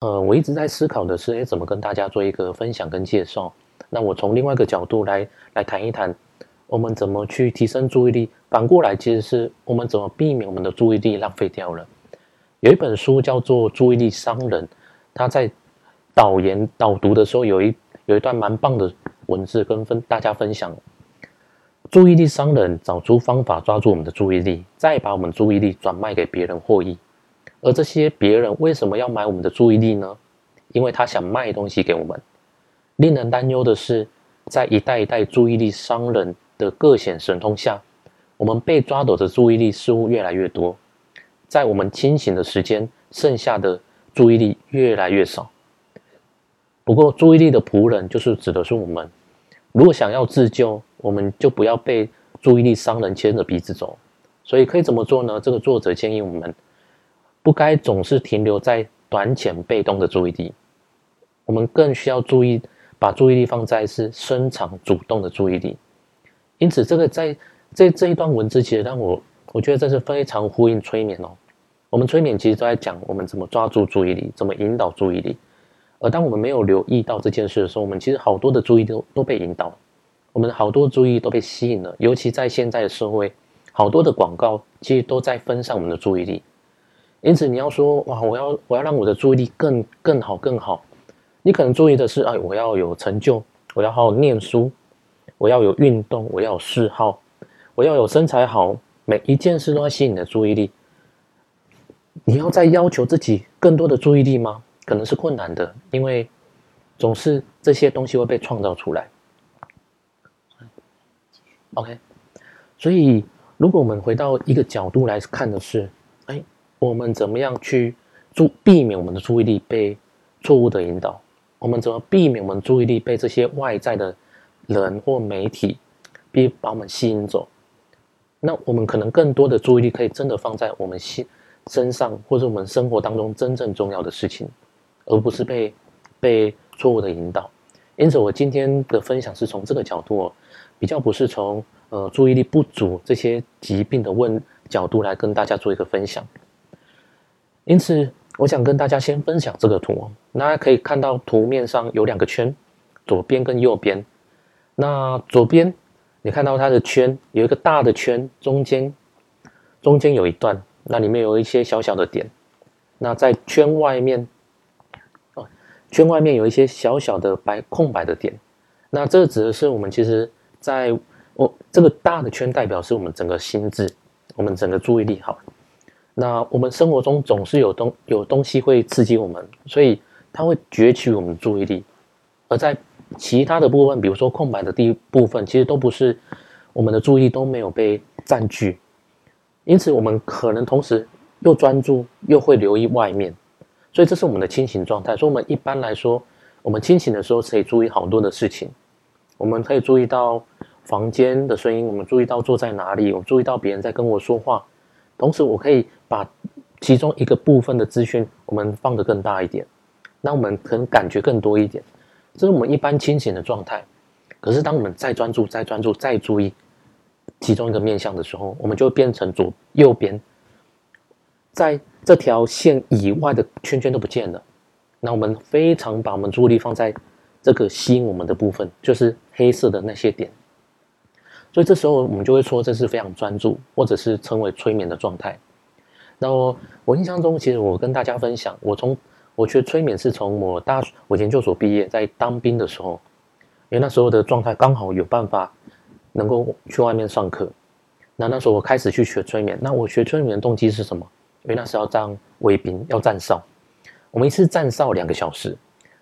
呃，我一直在思考的是，誒，怎麼跟大家做一個分享跟介紹？那我從另外一個角度來來談一談，我們怎麼去提升注意力？反過來，其實是我們怎麼避免我們的注意力浪費掉了？有一本書叫做《注意力商人》，他在導言導讀的時候有一有一段蠻棒的文字跟分大家分享。注意力商人找出方法抓住我們的注意力，再把我們注意力轉賣給別人，獲益。而這些別人為什麼要買我們的注意力呢？因為他想賣東西給我們。令人擔憂的是，在一代一代注意力商人的各顯神通下，我們被抓走的注意力似乎越來越多，在我們清醒的時間，剩下的注意力越來越少。不過，注意力的僕人就是指的是我們。如果想要自救，我們就不要被注意力商人牽着鼻子走。所以，可以怎麼做呢？這個作者建議我們。不該總是停留在短淺被動的注意力，我們更需要注意把注意力放在是深長主動的注意力。因此，這個在這這一段文字其實讓我我覺得這是非常呼應催眠哦。我們催眠其實都在講我們怎麼抓住注意力，怎麼引導注意力。而當我們沒有留意到這件事的時候，我們其實好多的注意力都都被引導，我們好多注意力都被吸引了。尤其在現在的社會，好多的廣告其實都在分散我們的注意力。因此，你要說哇，我要我要讓我的注意力更更好更好。你可能注意的是，哎，我要有成就，我要好好念書，我要有運動，我要有嗜好，我要有身材好，每一件事都要吸引你的注意力。你要再要求自己更多的注意力嗎？可能是困難的，因為總是這些東西會被創造出來。OK，所以如果我們回到一個角度來看的是我們怎麼樣去注避免我們的注意力被錯誤的引導？我們怎麼避免我們的注意力被這些外在的人或媒體，逼把我們吸引走？那我們可能更多的注意力可以真的放在我們心身上，或者我們生活當中真正重要的事情，而不是被被錯誤的引導。因此，我今天的分享是從這個角度，哦，比較不是從呃注意力不足這些疾病的問角度來跟大家做一個分享。因此，我想跟大家先分享這個圖。大家可以看到，圖面上有兩個圈，左邊跟右邊。那左邊，你看到它的圈有一個大的圈，中間中間有一段，那裡面有一些小小的點。那在圈外面，哦，圈外面有一些小小的白，空白的點。那這指的是我們其實在我、哦、這個大的圈代表是我們整個心智，我們整個注意力，好。那我們生活中總是有東有東西會刺激我們，所以它會攫取我們的注意力，而在其他的部分，比如說空白的第一部分，其實都不是我們的注意，都沒有被佔據，因此我們可能同時又專注又會留意外面，所以這是我們的清醒狀態。所以我們一般來說，我們清醒的時候是可以注意好多的事情，我們可以注意到房間的聲音，我們注意到坐在哪裡，我注意到別人在跟我說話，同時我可以。把其中一個部分的資訊，我們放得更大一點，那我們可能感覺更多一點。這是我們一般清醒的狀態。可是當我們再專注、再專注、再注意其中一個面向的時候，我們就變成左右邊在這條線以外的圈圈都不見了。那我們非常把我們注意力放在這個吸引我們的部分，就是黑色的那些點。所以這時候我們就會說，這是非常專注，或者是稱為催眠的狀態。那我我印象中，其實我跟大家分享，我從我學催眠是從我大我研究所畢業，在當兵的時候，因為那時候的狀態剛好有辦法能夠去外面上課。那那時候我開始去學催眠，那我學催眠的動機是什麼？因為那時候要當衛兵，要站哨，我們一次站哨兩個小時，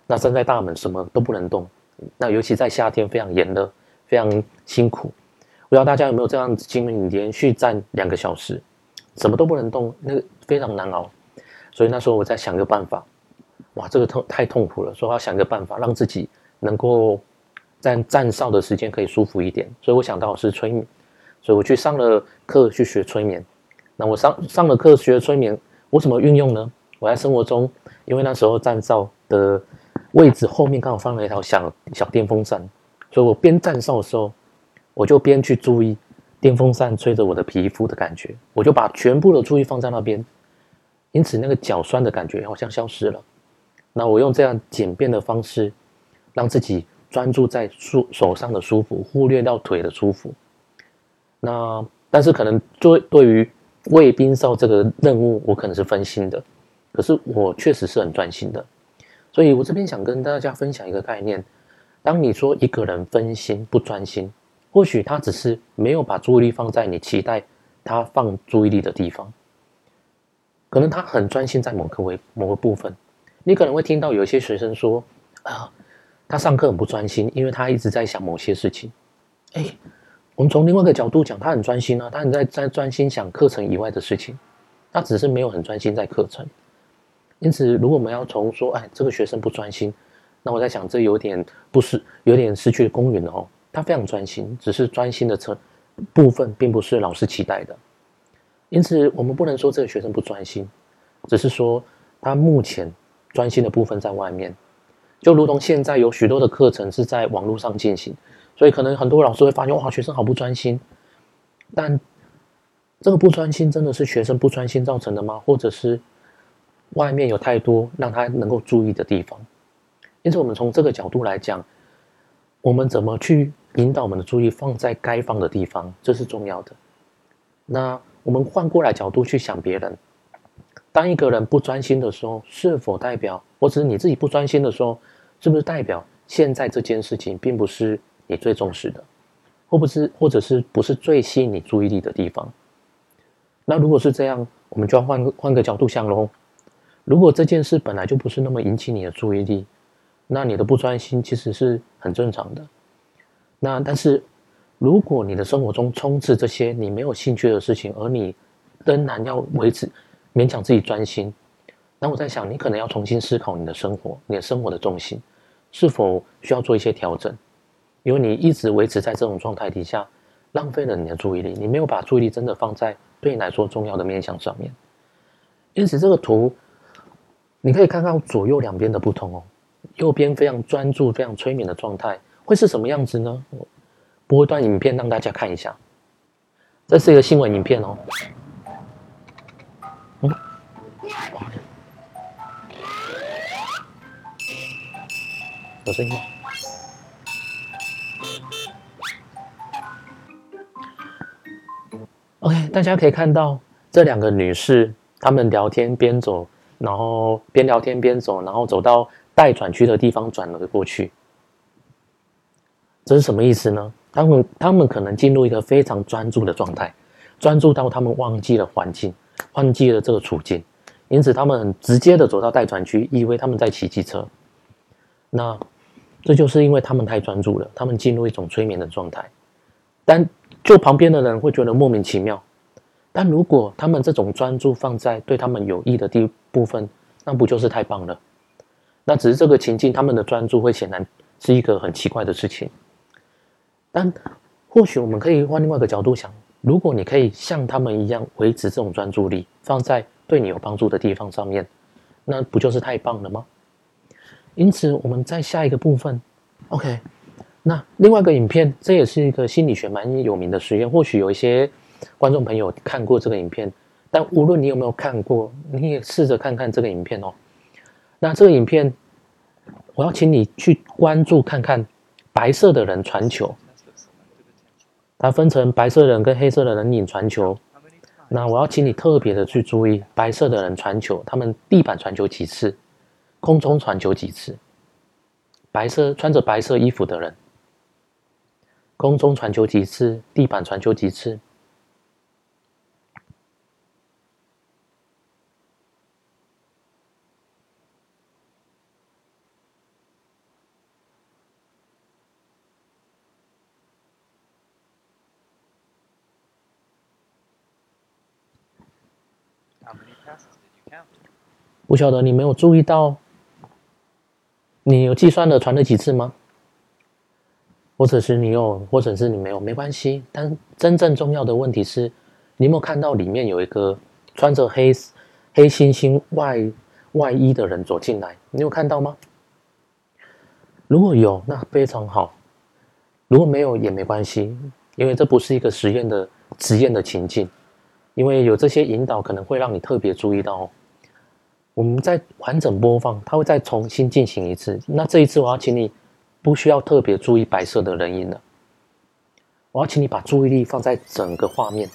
那站在大門什麼都不能動，那尤其在夏天非常炎熱，非常辛苦。不知道大家有沒有這樣子經歷，連續站兩個小時？什麼都不能動，那個非常難熬，所以那時候我在想一個辦法，哇，這個痛太痛苦了，所以我要想一個辦法讓自己能夠在站哨的時間可以舒服一點，所以我想到是催眠，所以我去上了課去學催眠。那我上上了課學催眠，我怎麼運用呢？我在生活中，因為那時候站哨的位置後面剛好放了一條小小電風扇，所以我邊站哨的時候，我就邊去注意電風扇吹着我的皮膚的感覺，我就把全部的注意放在那邊，因此那個腳酸的感覺好像消失了。那我用這樣簡便的方式，讓自己專注在舒手上的舒服，忽略掉腿的舒服。那但是可能做對於衛兵哨這個任務，我可能是分心的，可是我確實是很專心的。所以我這邊想跟大家分享一個概念：當你說一個人分心，不專心。或許他只是沒有把注意力放在你期待他放注意力的地方，可能他很專心在某個位某個部分。你可能會聽到有些學生說：“啊，他上課很不專心，因為他一直在想某些事情。”誒，我們從另外一個角度講，他很專心啊，他很在專專心想課程以外的事情，他只是沒有很專心在課程。因此，如果我們要從說“哎，這個學生不專心”，那我在想，這有點不是有點失去了公允哦。他非常專心，只是專心的成部分，並不是老師期待的，因此我們不能說這個學生不專心，只是說他目前專心的部分在外面，就如同現在有許多的課程是在網絡上進行，所以可能很多老師會發現，哇，學生好不專心。但這個不專心真的是學生不專心造成的嗎？或者是外面有太多讓他能夠注意的地方？因此，我們從這個角度來講，我們怎麼去？引導我們的注意放在該放的地方，這是重要的。那我們換過來角度去想別人，當一個人不專心的時候，是否代表或者是你自己不專心的時候，是不是代表現在這件事情並不是你最重視的，或不是，或者是不是最吸引你注意力的地方？那如果是這樣，我們就要換個換個角度想嘍。如果這件事本來就不是那麼引起你的注意力，那你的不專心其實是很正常的。那但是，如果你的生活中充斥這些你沒有興趣的事情，而你仍然要維持勉強自己專心，那我在想，你可能要重新思考你的生活，你的生活的重心是否需要做一些調整？因為你一直維持在這種狀態底下，浪費了你的注意力，你沒有把注意力真的放在對你來說重要的面向上面。因此，這個圖你可以看到左右兩邊的不同哦，右邊非常專注、非常催眠的狀態。會是什麼樣子呢？我播一段影片讓大家看一下，這是一個新聞影片哦。嗯，有聲音。OK，大家可以看到這兩個女士，她們聊天邊走，然後邊聊天邊走，然後走到待轉區的地方轉了過去。這是什麼意思呢？他們他們可能進入一個非常專注的狀態，專注到他們忘記了環境，忘記了這個處境，因此他們很直接的走到待轉區，以為他們在騎機車。那這就是因為他們太專注了，他們進入一種催眠的狀態。但就旁邊的人會覺得莫名其妙。但如果他們這種專注放在對他們有益的地部分，那不就是太棒了？那只是這個情境，他們的專注會顯然是一個很奇怪的事情。但或許我們可以換另外一個角度想，如果你可以像他們一樣維持這種專注力，放在對你有幫助的地方上面，那不就是太棒了嗎？因此，我們在下一個部分，OK。那另外一個影片，這也是一個心理學蠻有名的實驗，或許有一些觀眾朋友看過這個影片，但無論你有沒有看過，你也試着看看這個影片哦。那這個影片，我要請你去關注看看白色的人傳球。它分成白色的人跟黑色的人影傳球。那我要請你特別的去注意白色的人傳球，他們地板傳球幾次，空中傳球幾次。白色穿着白色衣服的人，空中傳球幾次，地板傳球幾次。不曉得你沒有注意到，你有計算了傳了幾次嗎？或者是你有，或者是你沒有，沒關係。但真正重要的問題是，你有沒有看到裡面有一個穿着黑黑猩猩外外衣的人走進來？你有看到嗎？如果有，那非常好；如果沒有，也沒關係，因為這不是一個實驗的實驗的情境，因為有這些引導可能會讓你特別注意到。我們再完整播放，它會再重新進行一次。那這一次，我要請你不需要特別注意白色的人影了。我要請你把注意力放在整個畫面。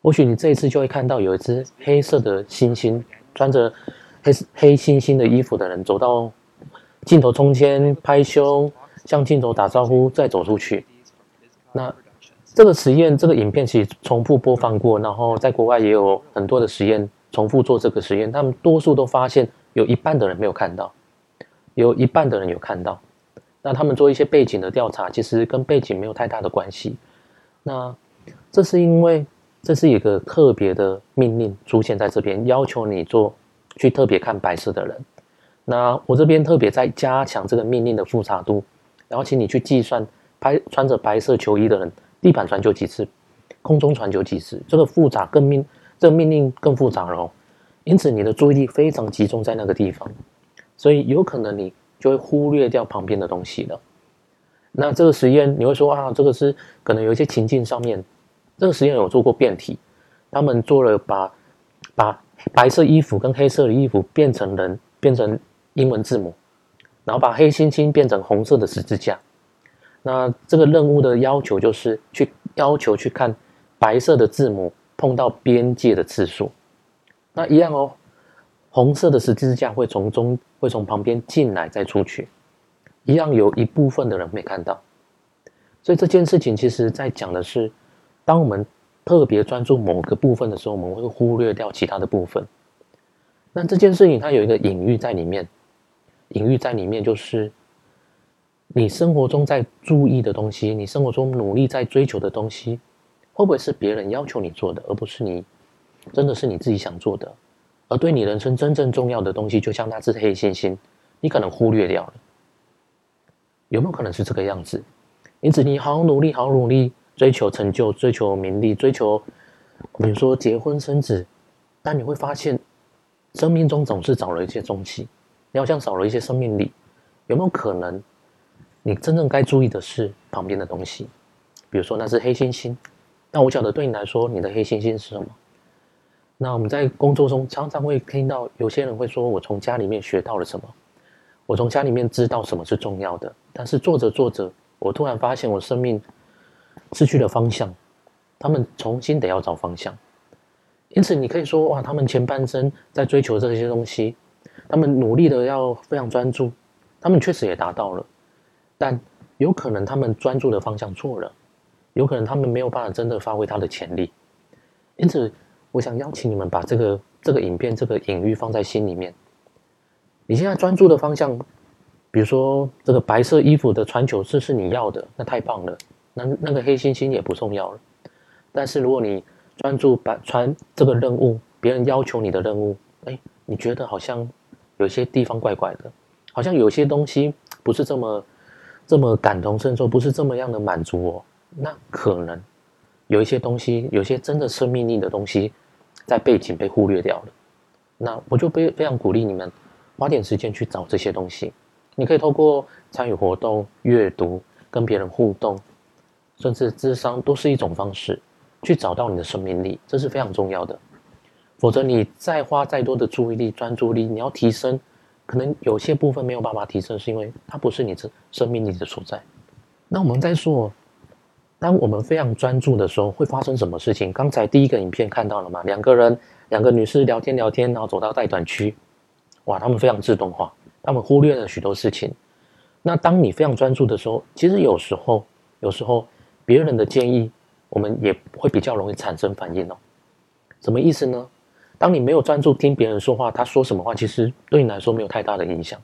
或許你這一次就會看到有一隻黑色的猩猩，穿着黑黑猩猩的衣服的人走到鏡頭中間，拍胸，向鏡頭打招呼，再走出去。那這個實驗，這個影片其實重複播放過，然後在國外也有很多的實驗重複做這個實驗。他們多數都發現有一半的人沒有看到，有一半的人有看到。那他們做一些背景的調查，其實跟背景沒有太大的關係。那這是因為這是一個特別的命令出現在這邊，要求你做去特別看白色的人。那我這邊特別在加強這個命令的複雜度。然後請你去計算，拍，穿着白色球衣的人地板傳球幾次，空中傳球幾次，這個複雜更命，這個命令更複雜了哦，因此你的注意力非常集中在那個地方，所以有可能你就會忽略掉旁邊的東西了。那這個實驗你會說啊，這個是可能有一些情境上面，這個實驗有做過變體，他們做了把把白色衣服跟黑色的衣服變成人，變成英文字母。然後把黑猩猩變成紅色的十字架。那這個任務的要求就是去要求去看白色的字母碰到邊界的次數。那一樣哦，紅色的十字架會從中會從旁邊進來再出去，一樣有一部分的人沒看到。所以這件事情其實在講的是，當我們特別專注某個部分的時候，我們會忽略掉其他的部分。那這件事情它有一個隱喻在裡面。隱喻在裡面就是，你生活中在注意的東西，你生活中努力在追求的東西，會不會是別人要求你做的，而不是你真的是你自己想做的？而對你人生真正重要的東西，就像那隻黑猩猩，你可能忽略掉了，有沒有可能是這個樣子？因此，你好，好努力，好，好努力，追求成就，追求名利，追求比如說結婚生子，但你會發現，生命中總是找了一些東西。你好像少了一些生命力，有沒有可能？你真正該注意的是旁邊的東西，比如說那隻黑猩猩。那我曉得對你來說，你的黑猩猩是什麼？那我們在工作中常常會聽到有些人會說：“我從家裡面學到了什麼？我從家裡面知道什麼是重要的。”但是做着做着，我突然發現我生命失去了方向，他們重新得要找方向。因此，你可以說：“哇，他們前半生在追求這些東西。”他們努力的要非常專注，他們確實也達到了，但有可能他們專注的方向錯了，有可能他們沒有辦法真的發揮他的潛力。因此，我想邀請你們把這個這個影片這個隱喻放在心裡面。你現在專注的方向，比如說這個白色衣服的傳球是是你要的，那太棒了，那那個黑猩猩也不重要了。但是如果你專注把傳這個任務，別人要求你的任務，哎，你覺得好像。有些地方怪怪的，好像有些東西不是這麼這麼感同身受，不是這麼樣的滿足哦，那可能有一些東西，有些真的生命力的東西，在背景被忽略掉了。那我就非非常鼓勵你們，花點時間去找這些東西。你可以透過參與活動、閱讀、跟別人互動，甚至諮商都是一種方式去找到你的生命力，這是非常重要的。否則，你再花再多的注意力、專注力，你要提升，可能有些部分沒有辦法提升，是因為它不是你這生命力的所在。那我們再說，當我們非常專注的時候，會發生什麼事情？剛才第一個影片看到了嗎？兩個人，兩個女士聊天聊天，然後走到待轉區，哇，他們非常自動化，他們忽略了許多事情。那當你非常專注的時候，其實有時候，有時候別人的建議，我們也會比較容易產生反應哦。什麼意思呢？當你沒有專注聽別人說話，他說什麼話，其實對你來說沒有太大的影響。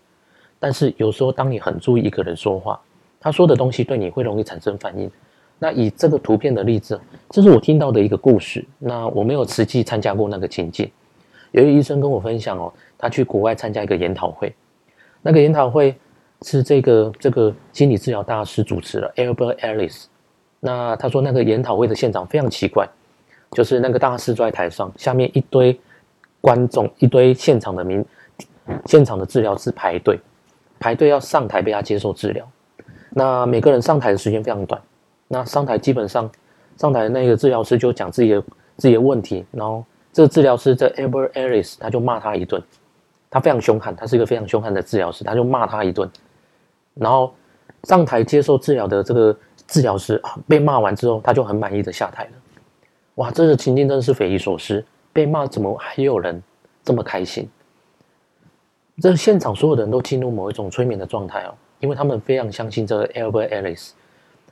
但是有時候，當你很注意一個人說話，他說的東西對你會容易產生反應。那以這個圖片的例子，這是我聽到的一個故事。那我沒有實際參加過那個情境，有一位醫生跟我分享哦，他去國外參加一個研討會，那個研討會是這個這個心理治療大師主持的，Albert Ellis。那他說那個研討會的現場非常奇怪。就是那個大師坐在台上，下面一堆觀眾，一堆現場的民，現場的治療師排隊，排隊要上台被他接受治療。那每個人上台的時間非常短，那上台基本上，上台那個治療師就講自己的自己的問題，然後這個治療師這 Albert Ellis 他就罵他一頓，他非常兇悍，他是一個非常兇悍的治療師，他就罵他一頓，然後上台接受治療的這個治療師，啊，被罵完之後，他就很滿意的下台了。哇，這個情境真的是匪夷所思！被罵怎麼還有人這麼開心？這個、現場所有的人都進入某一種催眠的狀態哦，因為他們非常相信這個 El Albert Ellis，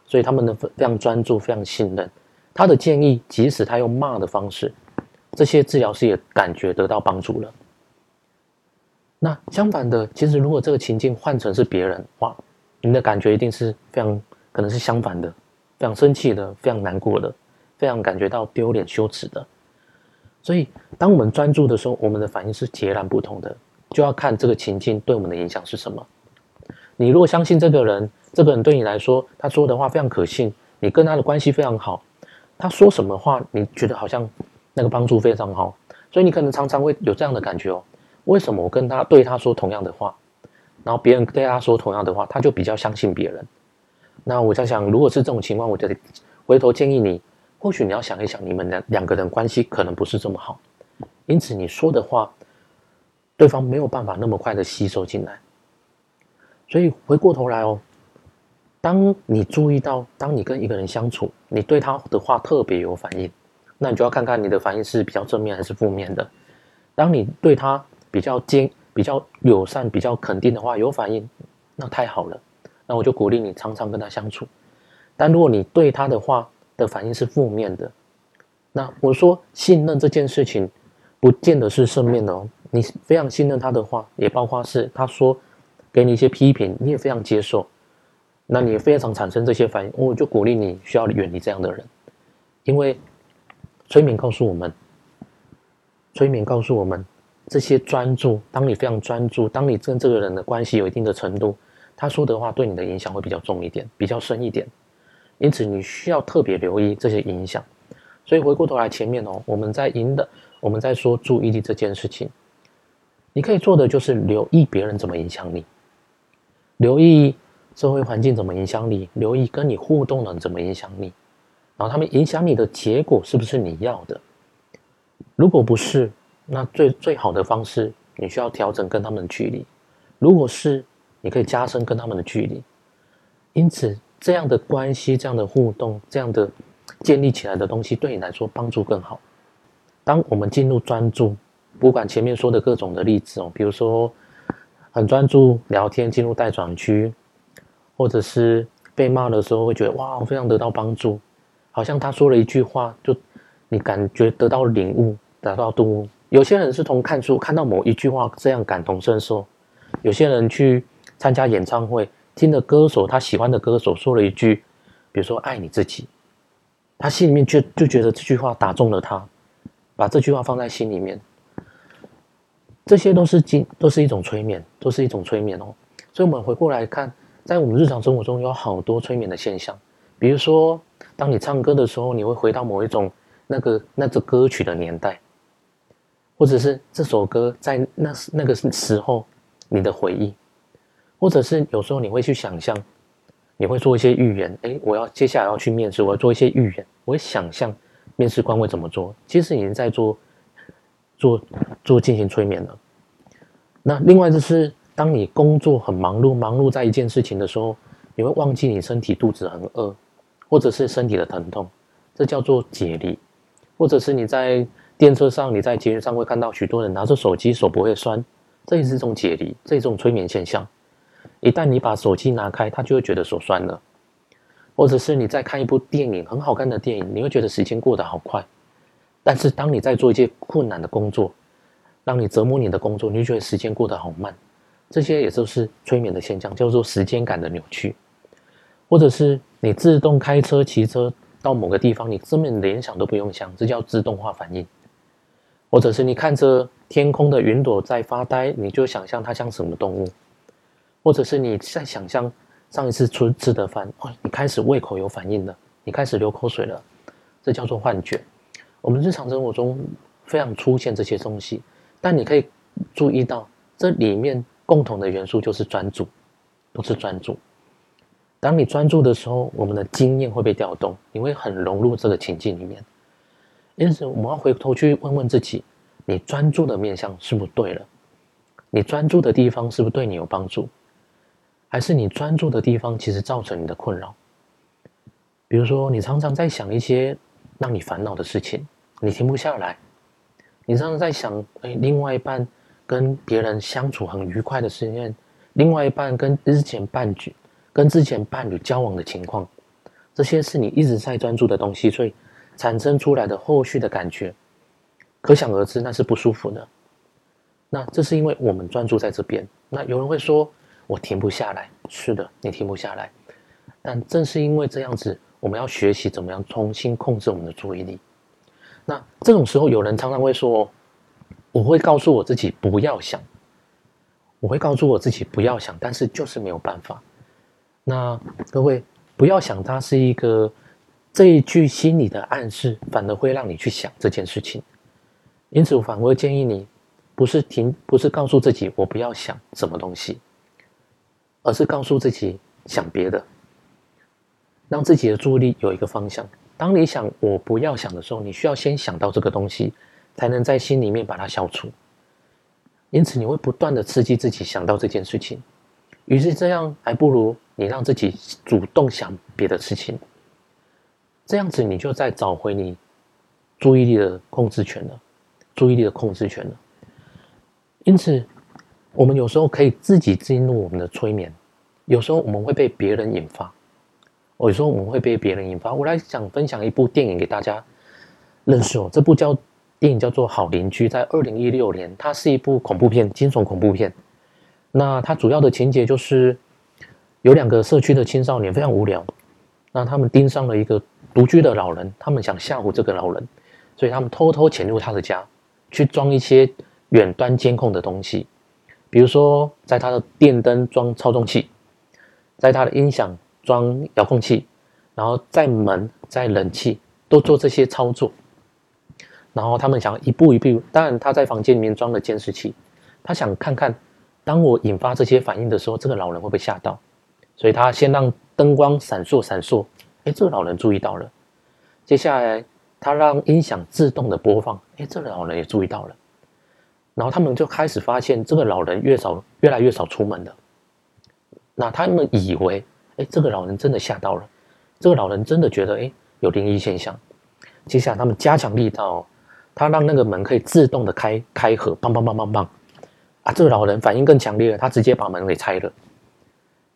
所以他們的非常專注、非常信任他的建議。即使他用罵的方式，這些治療師也感覺得到幫助了。那相反的，其實如果這個情境換成是別人，哇，你的感覺一定是非常，可能是相反的，非常生氣的，非常難過的。非常感覺到丟臉、羞恥的，所以當我們專注的時候，我們的反應是截然不同的。就要看這個情境對我們的影響是什麼。你如果相信這個人，這個人對你來說，他說的話非常可信，你跟他的關係非常好，他說什麼話，你覺得好像那個幫助非常好，所以你可能常常會有這樣的感覺哦。為什麼我跟他對他說同樣的話，然後別人對他說同樣的話，他就比較相信別人？那我在想，如果是這種情況，我就回頭建議你。或許你要想一想，你們兩兩個人關係可能不是這麼好，因此你說的話，對方沒有辦法那麼快的吸收進來。所以回過頭來哦，當你注意到，當你跟一個人相處，你對他的話特別有反應，那你就要看看你的反應是比較正面還是負面的。當你對他比較堅、比較友善、比較肯定的話有反應，那太好了，那我就鼓勵你常常跟他相處。但如果你對他的話，的反應是負面的，那我說信任這件事情，不見得是正面的哦。你非常信任他的話，也包括是他說給你一些批評，你也非常接受，那你也非常產生這些反應，我就鼓勵你需要遠離這樣的人，因為催眠告訴我們，催眠告訴我們，這些專注，當你非常專注，當你跟這個人的關係有一定的程度，他說的話對你的影響會比較重一點，比較深一點。因此，你需要特別留意這些影響。所以回過頭來，前面哦，我們在贏的，我們在說注意力這件事情。你可以做的就是留意別人怎麼影響你，留意周圍環境怎麼影響你，留意跟你互動的人怎麼影響你，然後他們影響你的結果是不是你要的？如果不是，那最最好的方式，你需要調整跟他們的距離；如果是，你可以加深跟他們的距離。因此。這樣的關係、這樣的互動、這樣的建立起來的東西，對你來說幫助更好。當我們進入專注，不管前面說的各種的例子哦，比如說很專注聊天進入待轉區，或者是被罵的時候會覺得哇，我非常得到幫助，好像他說了一句話，就你感覺得到領悟，得到頓悟。有些人是從看書看到某一句話這樣感同身受，有些人去參加演唱會。聽的歌手，他喜歡的歌手說了一句，比如說“愛你自己”，他心裡面就就覺得這句話打中了他，把這句話放在心裡面。這些都是經，都是一種催眠，都是一種催眠哦。所以，我們回過來看，在我們日常生活中，有好多催眠的現象。比如說，當你唱歌的時候，你會回到某一種那個那個歌曲的年代，或者是這首歌在那那個時候你的回憶。或者是有時候你會去想象，你會做一些預言。哎，我要接下來要去面試，我要做一些預言。我會想象面試官會怎麼做？其實已經做做做進行催眠了。那另外就是，當你工作很忙碌，忙碌在一件事情的時候，你會忘記你身體肚子很餓，或者是身體的疼痛，這叫做解離。或者是你在電車上，你在捷運上會看到許多人拿着手機，手不會酸，這也是一種解離，這也是一種催眠現象。一旦你把手機拿開，他就會覺得手酸了；或者是你在看一部電影，很好看的電影，你會覺得時間過得好快。但是當你在做一些困難的工作，讓你折磨你的工作，你就覺得時間過得好慢。這些也都是催眠的現象，叫做時間感的扭曲。或者是你自動開車、騎車到某個地方，你根本連想都不用想，這叫自動化反應。或者是你看着天空的雲朵在發呆，你就想象它像什麼動物。或者是你在想象上一次吃吃的飯哦，你開始胃口有反應了，你開始流口水了，這叫做幻覺。我們日常生活中非常出現這些東西，但你可以注意到這裡面共同的元素就是專注，不是專注。當你專注的時候，我們的經驗會被調動，你會很融入這個情境裡面。因此，我們要回頭去問問自己：你專注的面向是不是對了？你專注的地方是不是對你有幫助？還是你專注的地方，其實造成你的困擾。比如說，你常常在想一些讓你煩惱的事情，你停不下來；你常常在想，誒、哎，另外一半跟別人相處很愉快的事情，另外一半跟之前伴侶、跟之前伴侶交往的情況，這些是你一直在專注的東西，所以產生出來的後續的感覺，可想而知，那是不舒服的。那這是因為我們專注在這邊。那有人會說。我停不下來，是的，你停不下來。但正是因為這樣子，我們要學習怎麼樣重新控制我們的注意力。那這種時候，有人常常會說：“我會告訴我自己不要想，我會告訴我自己不要想。”但是就是沒有辦法。那各位，不要想，它是一個這一句心理的暗示，反而會讓你去想這件事情。因此，我反而會建議你，不是停，不是告訴自己我不要想什麼東西。而是告訴自己想別的，讓自己的注意力有一個方向。當你想我不要想的時候，你需要先想到這個東西，才能在心裡面把它消除。因此，你會不斷的刺激自己想到這件事情。於是這樣還不如你讓自己主動想別的事情。這樣子，你就再找回你注意力的控制權了，注意力的控制權了。因此。我們有時候可以自己進入我們的催眠，有時候我們會被別人引發，我有時候我們會被別人引發。我來想分享一部電影給大家認識哦，這部叫電影叫做《好鄰居》。在二零一六年，它是一部恐怖片，驚悚恐怖片。那它主要的情節就是有兩個社區的青少年非常無聊，那他們盯上了一個獨居的老人，他們想嚇唬這個老人，所以他們偷偷潛入他的家，去裝一些遠端監控的東西。比如說，在他的電燈裝操縱器，在他的音響裝遙控器，然後在門、在冷氣都做這些操作，然後他們想要一步一步。當然，他在房間裡面裝了監視器，他想看看，當我引發這些反應的時候，這個老人會不會嚇到。所以他先讓燈光閃爍閃爍，哎，這個老人注意到了。接下來，他讓音響自動的播放，哎，這個老人也注意到了。然後他們就開始發現這個老人越少，越來越少出門了。那他們以為，哎，這個老人真的嚇到了，這個老人真的覺得，哎，有靈異現象。接下來他們加強力道，他讓那個門可以自動的開開合，棒棒棒棒棒棒。啊，這個老人反應更強烈了，他直接把門給拆了。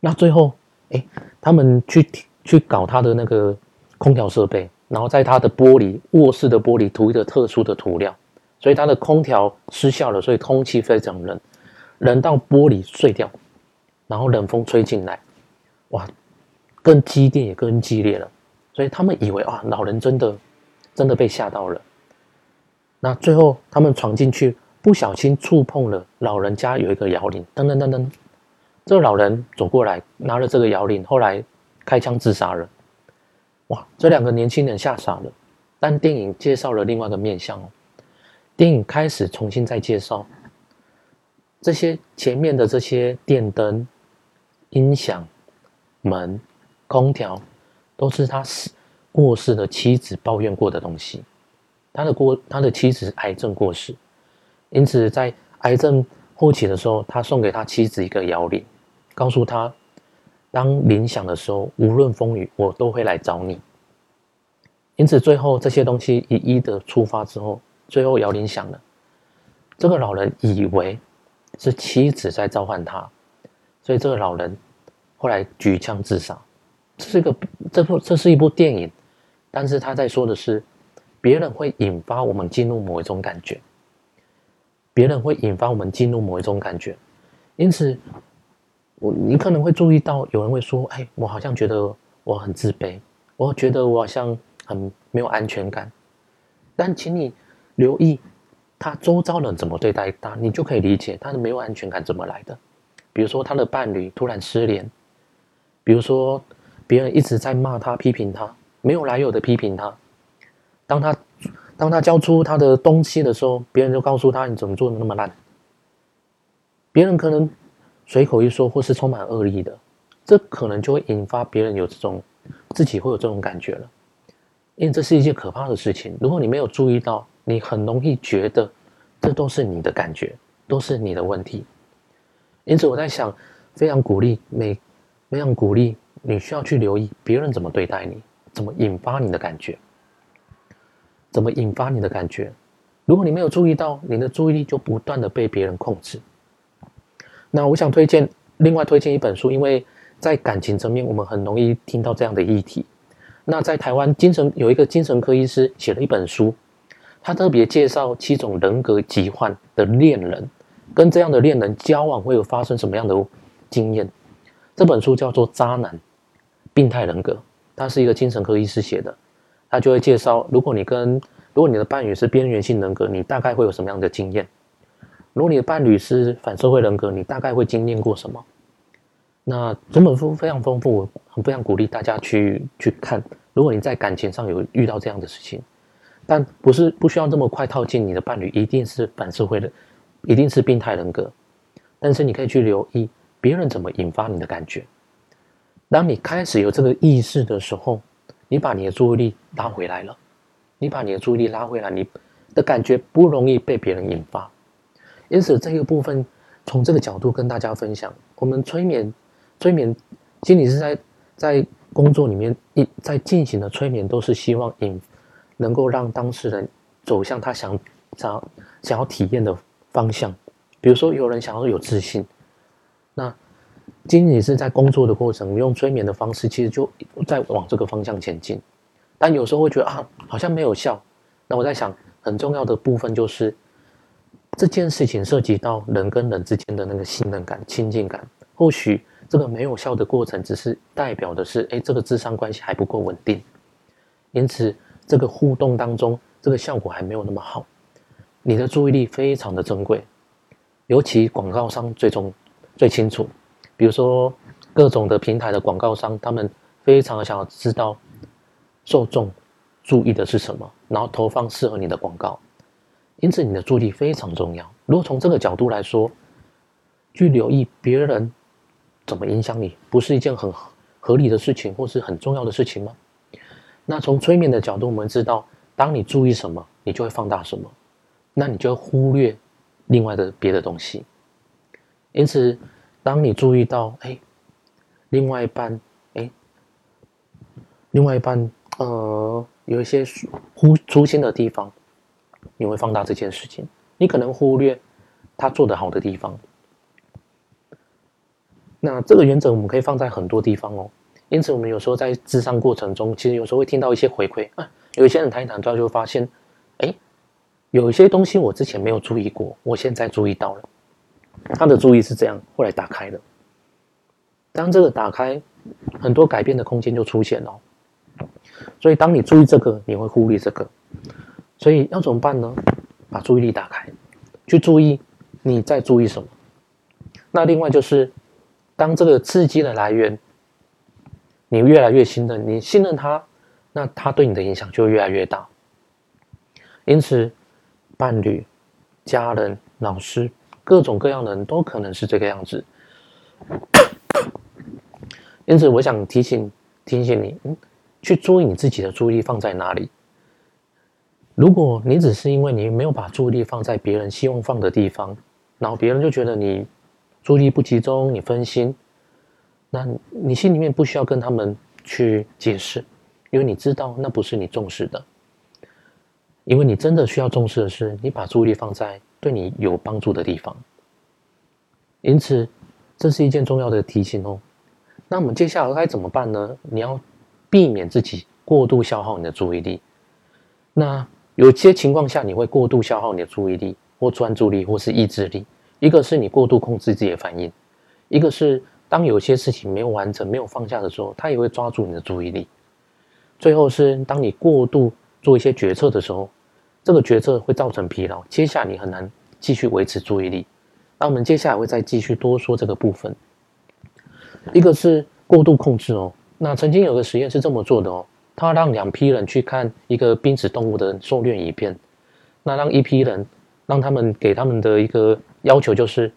那最後，哎，他們去去搞他的那個空調設備，然後在他的玻璃，臥室的玻璃塗一個特殊的塗料。所以它的空調失效了，所以空氣非常冷，冷到玻璃碎掉，然後冷風吹進來，哇，更激烈也更激烈了。所以他們以為，哇，老人真的真的被嚇到了。那最後他們闖進去，不小心觸碰了老人家有一個搖鈴，噔噔噔噔，這老人走過來拿了這個搖鈴，後來開槍自殺了。哇，這兩個年輕人嚇傻了。但電影介紹了另外一個面相哦。電影開始重新再介紹這些前面的這些電燈、音響、門、空調，都是他過世的妻子抱怨過的東西。他的過他的妻子癌症過世，因此在癌症後期的時候，他送給他妻子一個搖鈴，告訴他：當鈴響的時候，無論風雨，我都會來找你。因此，最後這些東西一一的觸發之後。最後，搖鈴響了。這個老人以為是妻子在召喚他，所以這個老人後來舉槍自殺。這是一個這部這是一部電影，但是他在說的是別人會引發我們進入某一種感覺，別人會引發我們進入某一種感覺。因此，我你可能會注意到有人會說：“哎，我好像覺得我很自卑，我覺得我好像很沒有安全感。”但請你。留意他周遭人怎麼對待他，你就可以理解他是沒有安全感怎麼來的。比如說，他的伴侶突然失聯，比如說，別人一直在罵他、批評他，沒有來由的批評他。當他當他交出他的東西的時候，別人就告訴他：“你怎麼做得那麼爛？”別人可能隨口一說，或是充滿惡意的，這可能就會引發別人有這種自己會有這種感覺了。因為這是一件可怕的事情。如果你沒有注意到，你很容易覺得，這都是你的感覺，都是你的問題。因此，我在想，非常鼓勵每，非常鼓勵你需要去留意別人怎麼對待你，怎麼引發你的感覺，怎麼引發你的感覺。如果你沒有注意到，你的注意力就不斷的被別人控制。那我想推薦另外推薦一本書，因為在感情層面，我們很容易聽到這樣的議題。那在台灣，精神有一個精神科醫師寫了一本書。他特別介紹七種人格疾患的戀人，跟這樣的戀人交往會有發生什麼樣的經驗？這本書叫做《渣男病態人格》，他是一個精神科醫師寫的，他就會介紹：如果你跟，如果你的伴侶是邊緣性人格，你大概會有什麼樣的經驗？如果你的伴侶是反社會人格，你大概會經驗過什麼？那這本書非常豐富，很，非常鼓勵大家去去看。如果你在感情上有遇到這樣的事情，但不是不需要這麼快套近你的伴侶一定是反社會的，一定是病態人格。但是你可以去留意別人怎麼引發你的感覺。當你開始有這個意識的時候，你把你的注意力拉回來了，你把你的注意力拉回來，你的感覺不容易被別人引發。因此，這個部分從這個角度跟大家分享，我們催眠、催眠其實你是在在工作裡面一在進行的催眠，都是希望引。能夠讓當事人走向他想想要想要體驗的方向，比如說有人想要有自信，那僅僅是在工作的過程用催眠的方式，其實就在往這個方向前進。但有時候會覺得啊，好像沒有效。那我在想，很重要的部分就是這件事情涉及到人跟人之間的那個信任感、親近感。或許這個沒有效的過程，只是代表的是，哎，這個諮商關係還不夠穩定，因此。這個互動當中，這個效果還沒有那麼好。你的注意力非常的珍貴，尤其廣告商最終最清楚。比如說各種的平台的廣告商，他們非常想要知道受眾注意的是什麼，然後投放適合你的廣告。因此，你的注意力非常重要。如果從這個角度來說，去留意別人怎麼影響你，不是一件很合理的事情，或是很重要的事情嗎？那從催眠的角度，我們知道，當你注意什麼，你就會放大什麼，那你就會忽略另外的別的東西。因此，當你注意到，哎，另外一半，哎，另外一半，呃，有一些疏忽粗心的地方，你會放大這件事情，你可能忽略他做得好的地方。那這個原則我們可以放在很多地方哦。因此，我們有時候在諮商過程中，其實有時候會聽到一些回饋啊。有一些人談一談之後，就會發現，哎、欸，有一些東西我之前沒有注意過，我現在注意到了。他的注意是這樣，後來打開了。當這個打開，很多改變的空間就出現了。所以，當你注意這個，你會忽略這個。所以要怎麼辦呢？把注意力打開，去注意你在注意什麼。那另外就是，當這個刺激的來源。你越來越信任你信任他，那他對你的影響就越來越大。因此，伴侶、家人、老師，各種各樣的人都可能是這個樣子。 因此，我想提醒提醒你，嗯，去注意你自己的注意力放在哪裡。如果你只是因為你沒有把注意力放在別人希望放的地方，然後別人就覺得你注意力不集中，你分心，那你心裡面不需要跟他們去解釋，因為你知道那不是你重視的，因為你真的需要重視的是你把注意力放在對你有幫助的地方。因此，這是一件重要的提醒哦。那我們接下來該怎麼辦呢？你要避免自己過度消耗你的注意力。那有些情況下你會過度消耗你的注意力或專注力或是意志力，一個是你過度控制自己的反應，一個是。當有些事情沒有完成、沒有放下的時候，他也會抓住你的注意力。最後是當你過度做一些決策的時候，這個決策會造成疲勞，接下來你很難繼續維持注意力。那我們接下來會再繼續多說這個部分。一個是過度控制哦，那曾經有個實驗是這麼做的哦，他讓兩批人去看一個瀕死動物的受虐影片，那讓一批人，讓他們給他們的一個要求就是，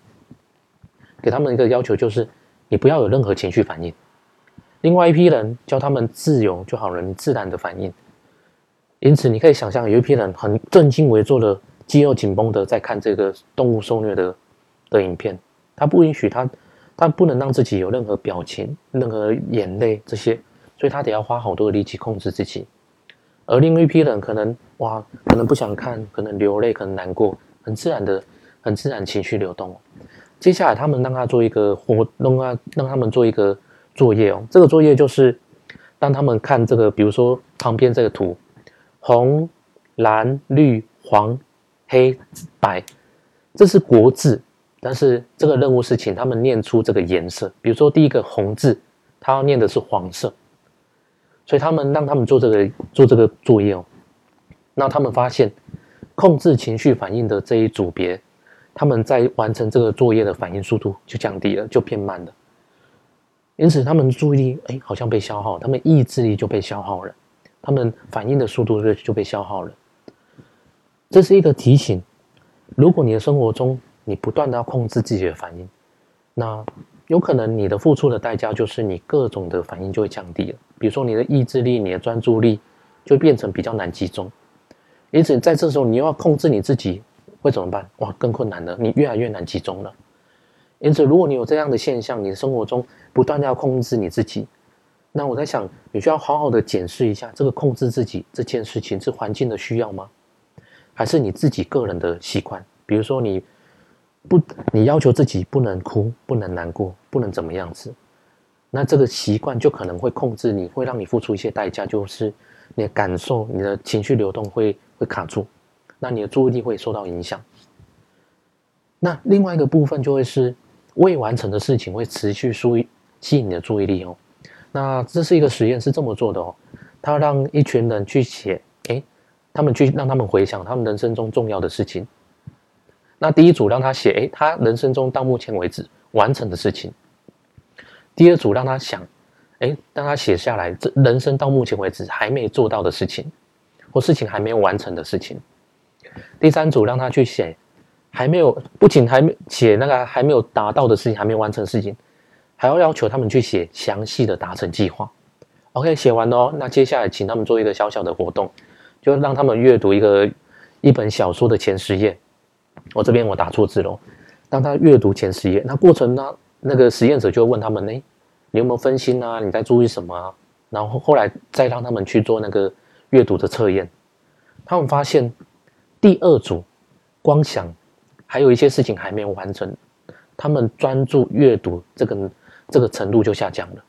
給他們一個要求就是。你不要有任何情緒反應。另外一批人教他們自由就好了，你自然的反應。因此，你可以想象，有一批人很正襟危坐的，肌肉緊繃的在看這個動物受虐的的影片，他不允許他，他不能讓自己有任何表情、任何眼淚這些，所以他得要花好多的力氣控制自己。而另外一批人可能哇，可能不想看，可能流淚，可能難過，很自然的，很自然情緒流動。接下來，他們讓他做一個活動啊，讓他們做一個作業哦。這個作業就是讓他們看這個，比如說旁邊這個圖，紅、藍、綠、黃、黑、白，這是國字。但是這個任務是請他們念出這個顏色，比如說第一個紅字，他要念的是黃色。所以他們讓他們做這個做這個作業哦。那他們發現，控制情緒反應的這一組別，他們在完成這個作業的反應速度就降低了，就變慢了。因此，他們注意力哎，好像被消耗，他們意志力就被消耗了，他們反應的速度就就被消耗了。這是一個提醒：如果你的生活中你不斷的要控制自己的反應，那有可能你的付出的代價就是你各種的反應就會降低了。比如說，你的意志力、你的專注力就變成比較難集中。因此，在這時候，你又要控制你自己。會怎麼辦？哇，更困難了！你越來越難集中了。因此，如果你有這樣的現象，你生活中不斷要控制你自己，那我在想，你需要好好的檢視一下，這個控制自己這件事情是環境的需要嗎？還是你自己個人的習慣？比如說你，你不，你要求自己不能哭，不能難過，不能怎麼樣子，那這個習慣就可能會控制你，會讓你付出一些代價，就是你的感受，你的情緒流動會會卡住。那你的注意力會受到影響。那另外一個部分就會是未完成的事情會持續輸吸引你的注意力哦。那這是一個實驗，是這麼做的哦。他讓一群人去寫，誒，他們去讓他們回想他們人生中重要的事情。那第一組讓他寫，誒，他人生中到目前為止完成的事情。第二組讓他想，誒，讓他寫下來，這人生到目前為止還沒做到的事情，或事情還沒有完成的事情。第三組讓他去寫，還沒有，不僅還沒寫那個還沒有達到的事情，還沒有完成的事情，還要要求他們去寫詳細的達成計劃。OK，寫完嘍。那接下來請他們做一個小小的活動，就讓他們閱讀一個一本小說的前十頁。我這邊我打錯字嘍。讓他閱讀前十頁，那過程呢，那個實驗者就會問他們呢，欸，你有沒有分心啊？你在注意什麼啊？然後後來再讓他們去做那個閱讀的測驗，他們發現。第二組，光想還有一些事情還沒有完成，他們專注閱讀這個這個程度就下降了。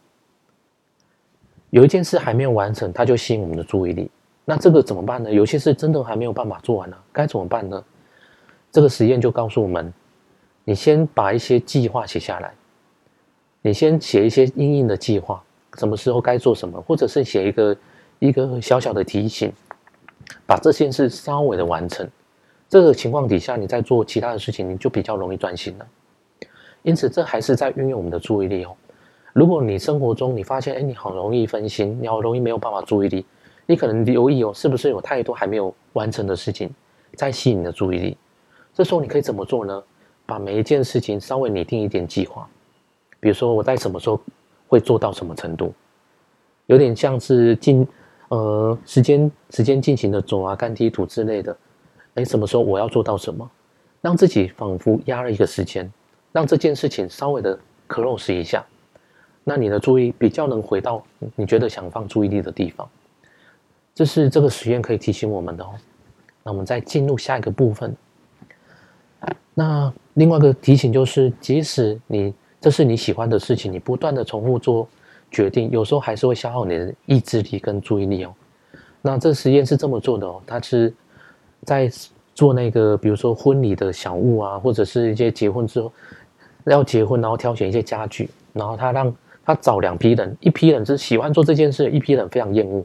有一件事還沒有完成，它就吸引我們的注意力。那這個怎麼辦呢？有些事真的還沒有辦法做完了，該怎麼辦呢？這個實驗就告訴我們：你先把一些計劃寫下來，你先寫一些因應的計劃，什麼時候該做什麼，或者是寫一個一個小小的提醒。把這件事稍微的完成，這個情況底下，你在做其他的事情，你就比較容易專心了。因此，這還是在運用我們的注意力哦。如果你生活中你發現，誒，你很容易分心，你好容易沒有辦法注意力，你可能留意哦，是不是有太多還沒有完成的事情在吸引你的注意力？這時候你可以怎麼做呢？把每一件事情稍微擬定一點計劃，比如說我在什麼時候會做到什麼程度，有點像是進。呃，時間時間進行的走啊，甘特圖之類的，哎，什麼時候我要做到什麼，讓自己仿佛壓了一個時間，讓這件事情稍微的 close 一下，那你的注意比較能回到你覺得想放注意力的地方，這是這個實驗可以提醒我們的哦，那我們再進入下一個部分。那另外一個提醒就是，即使你這是你喜歡的事情，你不斷的重複做。決定有時候還是會消耗你的意志力跟注意力哦。那這實驗是這麼做的哦，他是在做那個，比如說婚禮的小物啊，或者是一些結婚之後要結婚，然後挑選一些家具。然後他讓他找兩批人，一批人是喜歡做這件事，一批人非常厭惡。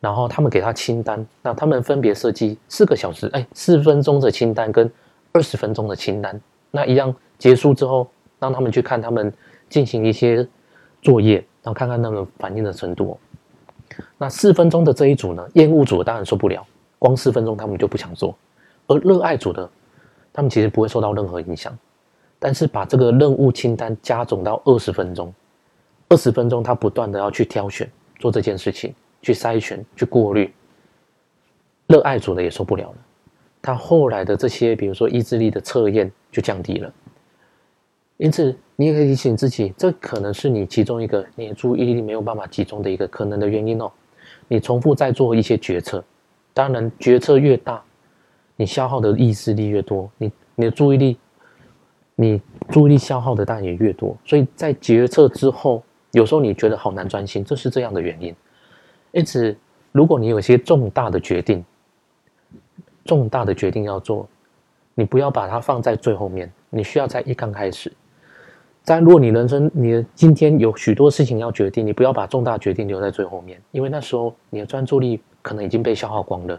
然後他們給他清單，那他們分別設計四個小時，哎，四分鐘的清單跟二十分鐘的清單。那一樣結束之後，讓他們去看，他們進行一些作業，然後看看他們反應的程度哦。那四分鐘的這一組呢？厭惡組當然受不了，光四分鐘他們就不想做。而熱愛組的，他們其實不會受到任何影響。但是把這個任務清單加總到二十分鐘，二十分鐘他不斷的要去挑選做這件事情，去篩選、去過濾。熱愛組的也受不了了，他後來的這些，比如說意志力的測驗就降低了。因此。你也可以提醒自己，這可能是你其中一個你的注意力沒有辦法集中的一個可能的原因哦。你重複在做一些決策，當然決策越大，你消耗的意志力越多，你你的注意力，你注意力消耗的當然也越多。所以在決策之後，有時候你覺得好難專心，這是這樣的原因。因此，如果你有些重大的決定，重大的決定要做，你不要把它放在最後面，你需要在一剛開始。但如果你人生，你今天有許多事情要決定，你不要把重大決定留在最後面，因為那時候你的專注力可能已經被消耗光了。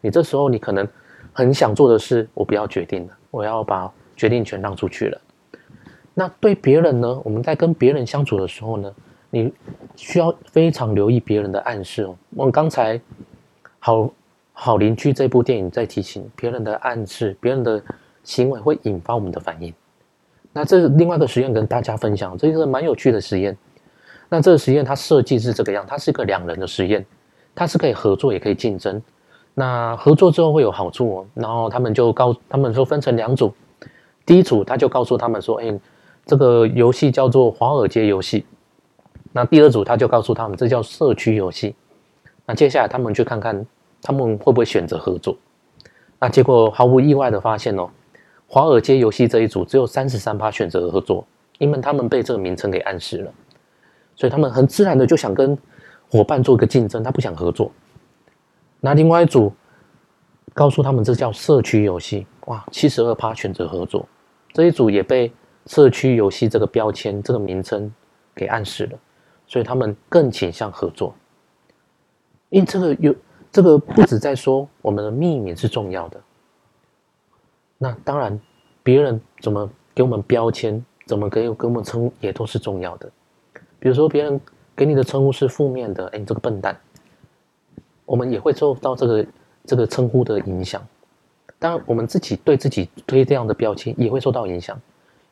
你這時候你可能很想做的事，我不要決定了，我要把決定權讓出去了。那對別人呢？我們在跟別人相處的時候呢，你需要非常留意別人的暗示哦。我們剛才好《好好鄰居》這部電影在提醒別人的暗示，別人的行為會引發我們的反應。那這另外一個實驗跟大家分享，這是蠻有趣的實驗。那這個實驗它設計是這個樣，它是一個兩人的實驗，它是可以合作也可以競爭。那合作之後會有好處哦，然後他們就告，他們說分成兩組，第一組他就告訴他們說，哎，這個遊戲叫做華爾街遊戲。那第二組他就告訴他們這叫社區遊戲。那接下來他們去看看他們會不會選擇合作。那結果毫無意外的發現哦。華爾街遊戲這一組只有三十三趴選擇合作，因為他們被這個名稱給暗示了，所以他們很自然的就想跟夥伴做一個競爭，他不想合作。那另外一組告訴他們這叫社區遊戲，哇，七十二趴選擇合作，這一組也被社區遊戲這個標籤、這個名稱給暗示了，所以他們更傾向合作。因為這個有這個不止在說我們的命名是重要的。那當然，別人怎麼給我們標籤，怎麼給給我們稱呼，也都是重要的。比如說，別人給你的稱呼是負面的，哎，你這個笨蛋，我們也會受到這個這個稱呼的影響。當然，我們自己對自己推這樣的標籤也會受到影響。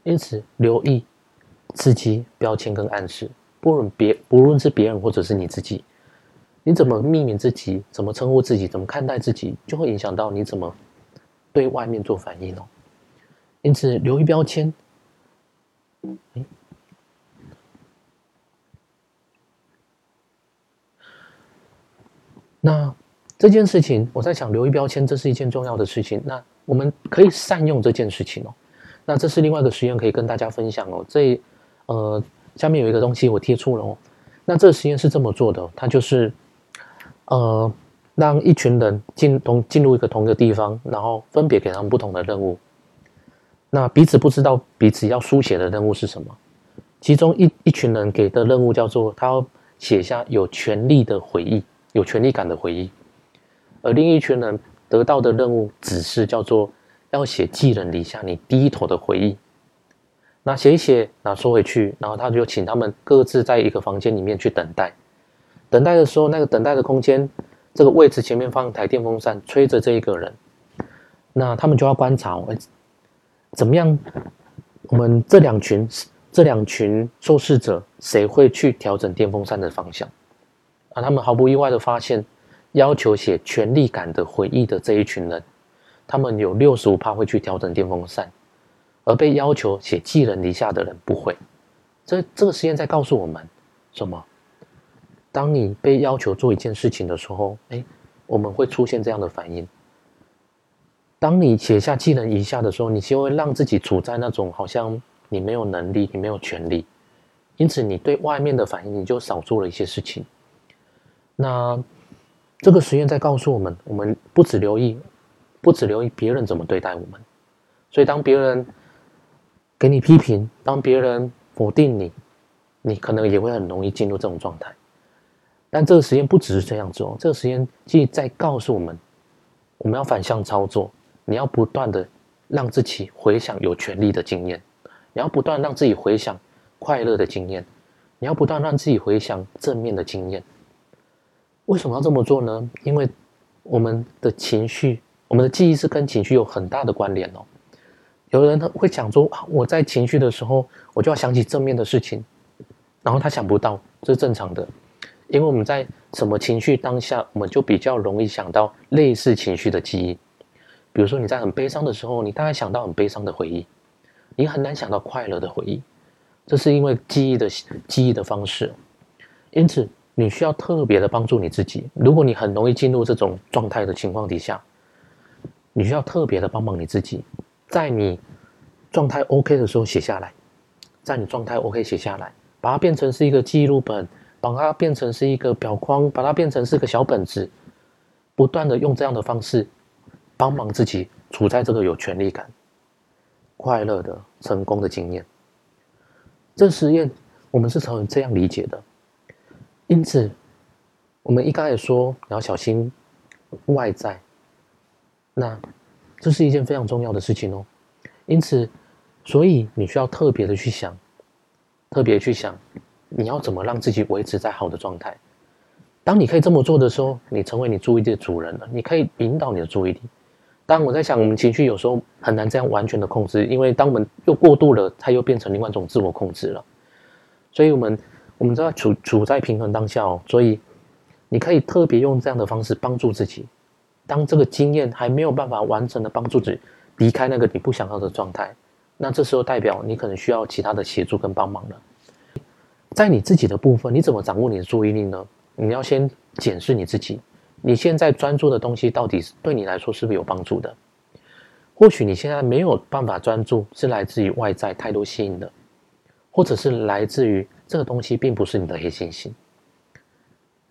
因此，留意自己標籤跟暗示，不論別不論是別人或者是你自己，你怎麼命名自己，怎麼稱呼自己，怎麼看待自己，就會影響到你怎麼。對外面做反應哦，因此留一標籤。那這件事情，我在想，留一標籤，這是一件重要的事情。那我們可以善用這件事情哦。那這是另外一個實驗，可以跟大家分享哦。這呃，下面有一個東西我貼出了哦。那這個實驗是這麼做的，它就是呃。讓一群人進同進入一個同一個地方，然後分別給他們不同的任務。那彼此不知道彼此要書寫的任務是什麼。其中一一群人給的任務叫做他要寫下有權力的回憶，有權力感的回憶。而另一群人得到的任務只是叫做要寫寄人籬下、你低頭的回憶。那寫一寫，那收回去，然後他就請他們各自在一個房間裡面去等待。等待的時候，那個等待的空間。這個位置前面放一台電風扇，吹着這一個人，那他們就要觀察，怎麼樣？我們這兩群這兩群受試者，誰會去調整電風扇的方向？而、啊、他們毫不意外的發現，要求寫權力感的回憶的這一群人，他們有六十五%會去調整電風扇，而被要求寫寄人籬下的人不會。這這個實驗在告訴我們什麼？當你被要求做一件事情的時候，哎、欸，我們會出現這樣的反應。當你寫下技能以下的時候，你就會讓自己處在那種好像你沒有能力、你沒有權利，因此你對外面的反應，你就少做了一些事情。那這個實驗在告訴我們：我們不只留意，不只留意別人怎麼對待我們。所以，當別人給你批評，當別人否定你，你可能也會很容易進入這種狀態。但這個實驗不只是這樣做，這個實驗既在告訴我們，我們要反向操作。你要不斷的讓自己回想有權利的經驗，你要不斷讓自己回想快樂的經驗，你要不斷讓自己回想正面的經驗。為什麼要這麼做呢？因為我們的情緒，我們的記憶是跟情緒有很大的關聯哦。有人會講說，啊，我在情緒的時候，我就要想起正面的事情，然後他想不到，這是正常的。因為我們在什麼情緒當下，我們就比較容易想到類似情緒的記憶。比如說你在很悲傷的時候，你大概想到很悲傷的回憶，你很難想到快樂的回憶。這是因為記憶的記憶的方式。因此，你需要特別的幫助你自己。如果你很容易進入這種狀態的情況底下，你需要特別的幫幫你自己。在你狀態 OK 的時候寫下來，在你狀態 OK 寫下來，把它變成是一個記錄本。把它變成是一個表框，把它變成是一個小本子，不斷的用這樣的方式，幫忙自己處在這個有權利感、快樂的、成功的經驗。這實驗我們是從這樣理解的，因此我們一開始也說，你要小心外在，那這是一件非常重要的事情哦。因此，所以你需要特別的去想，特別去想。你要怎麼讓自己維持在好的狀態？當你可以這麼做的時候，你成為你注意力的主人了。你可以引導你的注意力。當然，我在想，我們情緒有時候很難這樣完全的控制，因為當我們又過度了，它又變成另外一種自我控制了。所以，我們我們知道處處在平衡當下哦，所以你可以特別用這樣的方式幫助自己。當這個經驗還沒有辦法完整的幫助自己離開那個你不想要的狀態，那這時候代表你可能需要其他的協助跟幫忙了。在你自己的部分，你怎麼掌握你的注意力呢？你要先檢視你自己，你現在專注的東西到底對你來說是不是有幫助的？或許你現在沒有辦法專注，是來自於外在太多吸引的，或者是來自於這個東西並不是你的黑猩猩。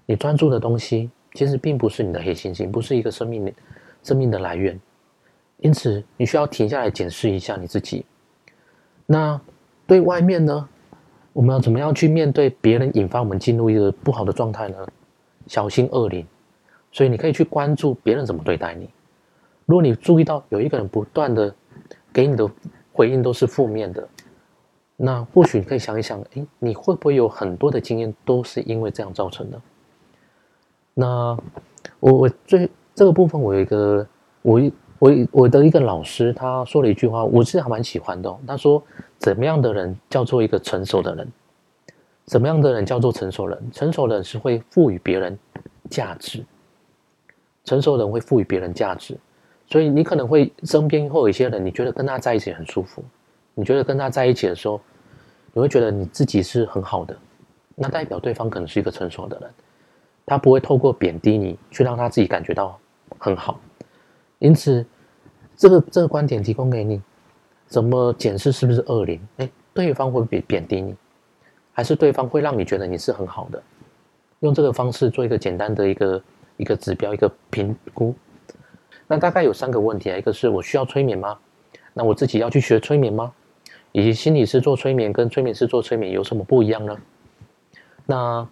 你專注的東西其實並不是你的黑猩猩，不是一個生命生命的來源。因此，你需要停下來檢視一下你自己。那對外面呢？我們要怎麼樣去面對別人引發我們進入一個不好的狀態呢？小心惡靈，所以你可以去關注別人怎麼對待你。如果你注意到有一個人不斷的給你的回應都是負面的，那或許你可以想一想，誒，你會不會有很多的經驗都是因為這樣造成的？那我我最這個部分，我有一個我我我的一個老師，他說了一句話，我自己還蠻喜歡的哦，他說。什麼樣的人叫做一個成熟的人？什麼樣的人叫做成熟人？成熟的人是會賦予別人價值，成熟的人會賦予別人價值。所以你可能會身邊會有一些人，你覺得跟他在一起很舒服，你覺得跟他在一起的時候，你會覺得你自己是很好的，那代表對方可能是一個成熟的人，他不會透過貶低你去讓他自己感覺到很好。因此，這個這個觀點提供給你。怎麼檢視是不是惡靈？哎，對方會不會貶低你，還是對方會讓你覺得你是很好的？用這個方式做一個簡單的一個一個指標、一個評估。那大概有三個問題啊，一個是我需要催眠嗎？那我自己要去學催眠嗎？以及心理師做催眠跟催眠師做催眠有什麼不一樣呢？那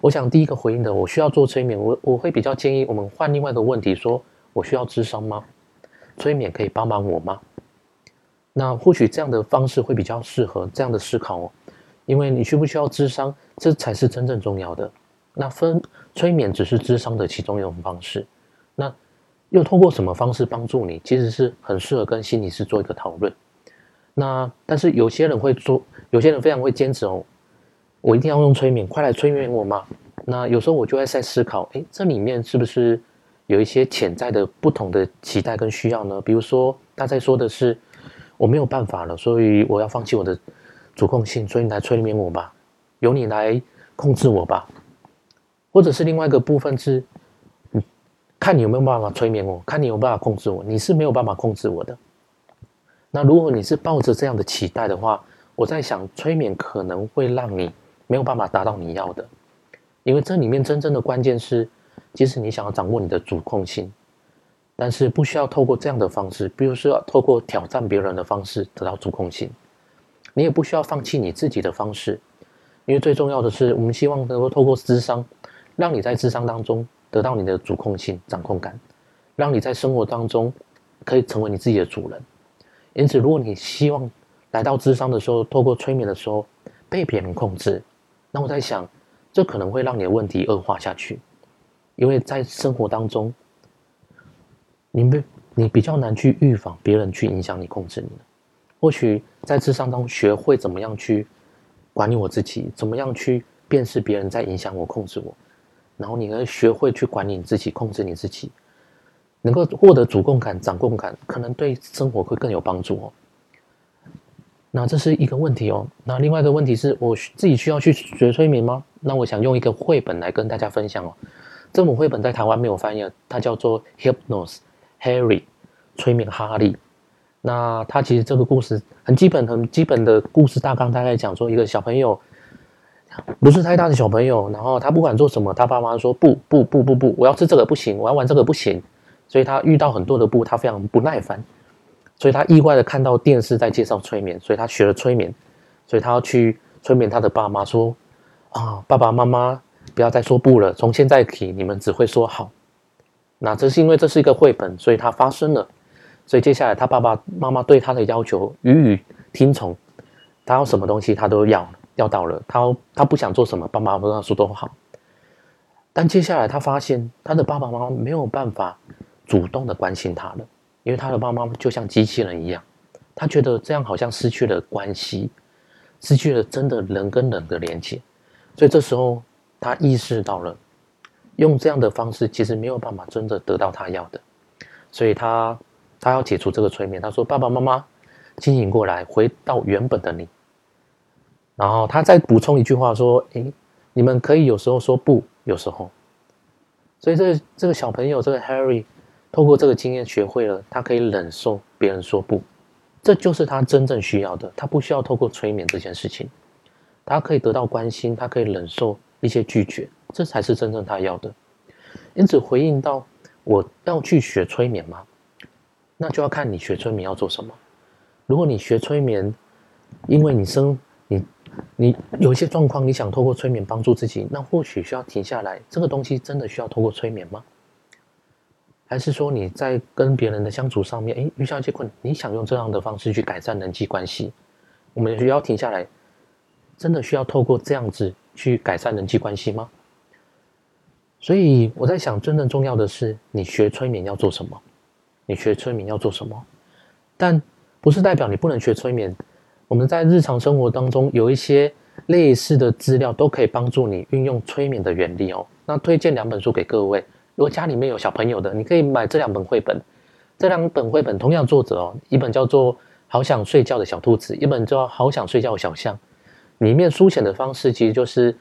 我想第一個回應的，我需要做催眠，我我會比較建議我們換另外一個問題說，說我需要諮商嗎？催眠可以幫忙我嗎？那或許這樣的方式會比較適合這樣的思考哦，因為你需不需要諮商，這才是真正重要的。那分催眠只是諮商的其中一種方式，那又通過什麼方式幫助你？其實是很適合跟心理師做一個討論。那但是有些人會做，有些人非常會堅持哦，我一定要用催眠，快來催眠我嘛。那有時候我就會在思考，哎、欸，這裡面是不是有一些潛在的不同的期待跟需要呢？比如說大家說的是。我沒有辦法了，所以我要放棄我的主控性，所以你來催眠我吧，由你來控制我吧，或者是另外一個部分是，看你有沒有辦法催眠我，看你有沒有辦法控制我，你是沒有辦法控制我的。那如果你是抱着這樣的期待的話，我在想，催眠可能會讓你沒有辦法達到你要的，因為這裡面真正的關鍵是，即使你想要掌握你的主控性。但是不需要透過這樣的方式，比如說透過挑戰別人的方式得到主控性，你也不需要放棄你自己的方式，因為最重要的是，我們希望能夠透過諮商，讓你在諮商當中得到你的主控性、掌控感，讓你在生活當中可以成為你自己的主人。因此，如果你希望來到諮商的時候，透過催眠的時候被別人控制，那我在想，這可能會讓你的問題惡化下去，因為在生活當中。你比你比較難去預防別人去影響你、控制你。或許在智商中學會怎麼樣去管理我自己，怎麼樣去辨識別人在影響我、控制我，然後你能學會去管理你自己、控制你自己，能夠獲得主控感、掌控感，可能對生活會更有幫助哦。那這是一個問題哦。那另外一個問題是我自己需要去學催眠嗎？那我想用一個繪本來跟大家分享哦。這本繪本在台灣沒有翻譯，它叫做《Hypnos》Harry，催眠哈利。那他其實這個故事很基本，很基本的故事大綱大概講說，一個小朋友不是太大的小朋友，然後他不管做什麼，他爸媽說不不不不不，我要吃這個不行，我要玩這個不行。所以他遇到很多的不，他非常不耐煩。所以他意外的看到電視在介紹催眠，所以他學了催眠，所以他要去催眠他的爸媽說，說、哦、啊爸爸媽媽，不要再說不了，從現在起你們只會說好。那這是因為，這是一個繪本，所以他發生了，所以接下來他爸爸媽媽對他的要求，予以聽從，他要什麼東西他都要，要到了，他他不想做什麼，爸爸媽媽說都好。但接下來他發現，他的爸爸媽媽沒有辦法主動的關心他了，因為他的爸爸媽媽就像機器人一樣，他覺得這樣好像失去了關係，失去了真的人跟人的連接，所以這時候他意識到了。用這樣的方式，其實沒有辦法真的得到他要的，所以他他要解除這個催眠。他說：“爸爸媽媽，清醒過來，回到原本的你。”然後他再補充一句話說：“誒，你們可以有時候說不，有時候。”所以這，這這個小朋友，這個 Harry 透過這個經驗，學會了他可以忍受別人說不，這就是他真正需要的。他不需要透過催眠這件事情，他可以得到關心，他可以忍受一些拒絕。這才是真正他要的，因此回應到：我要去學催眠嗎？那就要看你學催眠要做什麼。如果你學催眠，因為你生你你有一些狀況，你想透過催眠幫助自己，那或許需要停下來。這個東西真的需要透過催眠嗎？還是說你在跟別人的相處上面，哎，遇到一些困難，你想用這樣的方式去改善人際關係？我們需要停下來，真的需要透過這樣子去改善人際關係嗎？所以我在想，真正重要的是你學催眠要做什麼？你學催眠要做什麼？但不是代表你不能學催眠。我們在日常生活當中有一些類似的資料，都可以幫助你運用催眠的原理哦。那推薦兩本書給各位，如果家裡面有小朋友的，你可以買這兩本繪本。這兩本繪本同樣作者哦，一本叫做《好想睡覺的小兔子》，一本叫《好想睡覺的小象》。裡面書寫的方式其實就是。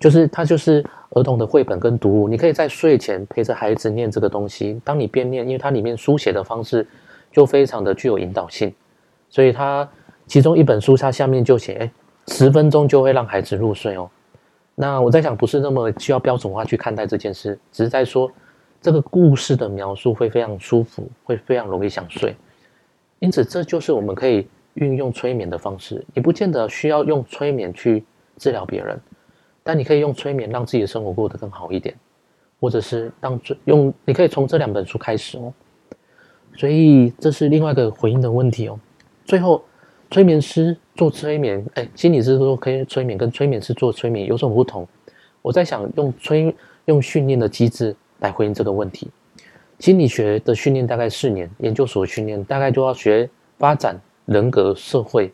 就是它就是兒童的繪本跟讀物，你可以在睡前陪着孩子念這個東西。當你邊念，因為它裡面書寫的方式就非常的具有引導性，所以它其中一本書，它下面就寫：哎，十分鐘就會讓孩子入睡哦。那我在想，不是那麼需要標準化去看待這件事，只是在說這個故事的描述會非常舒服，會非常容易想睡。因此，這就是我們可以運用催眠的方式，你不見得需要用催眠去治療別人。但你可以用催眠讓自己的生活過得更好一點，或者是當這用，你可以從這兩本書開始哦。所以這是另外一個回應的問題哦。最後，催眠師做催眠，哎，心理師說可以催眠，跟催眠師做催眠有什麼不同？我在想用催用訓練的機制來回應這個問題。心理學的訓練大概四年，研究所訓練大概就要學發展、人格、社會、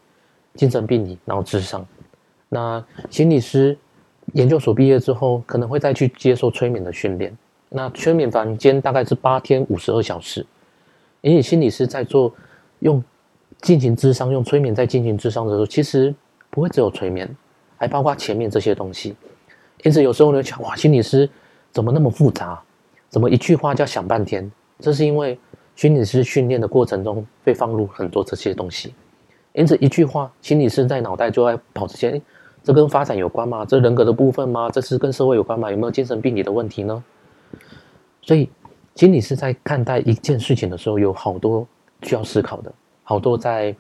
精神病理，然後智商。那心理師。研究所畢業之後，可能會再去接受催眠的訓練。那催眠房間大概是八天五十二小時。因為心理師在做用進行諮商用催眠在進行諮商的時候，其實不會只有催眠，還包括前面這些東西。因此，有時候你會想，哇，心理師怎麼那麼複雜？怎麼一句話叫想半天？這是因為心理師訓練的過程中會放入很多這些東西。因此，一句話，心理師在腦袋就在跑之前。這跟發展有關嗎？這人格的部分嗎？這是跟社會有關嗎？有沒有精神病理的問題呢？所以，其實你是在看待一件事情的時候，有好多需要思考的，好多在，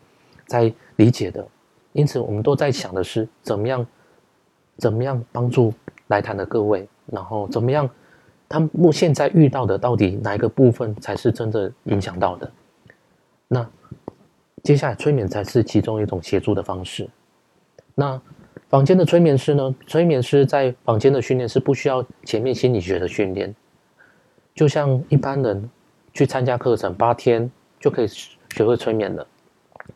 在理解的。因此，我們都在想的是怎麼樣，怎麼樣幫助來談的各位，然後怎麼樣，他們現在遇到的到底哪一個部分才是真的影響到的？那接下來催眠才是其中一種協助的方式。那坊間的催眠師呢？催眠師在坊間的訓練是不需要前面心理學的訓練，就像一般人去參加課程八天就可以學會催眠了，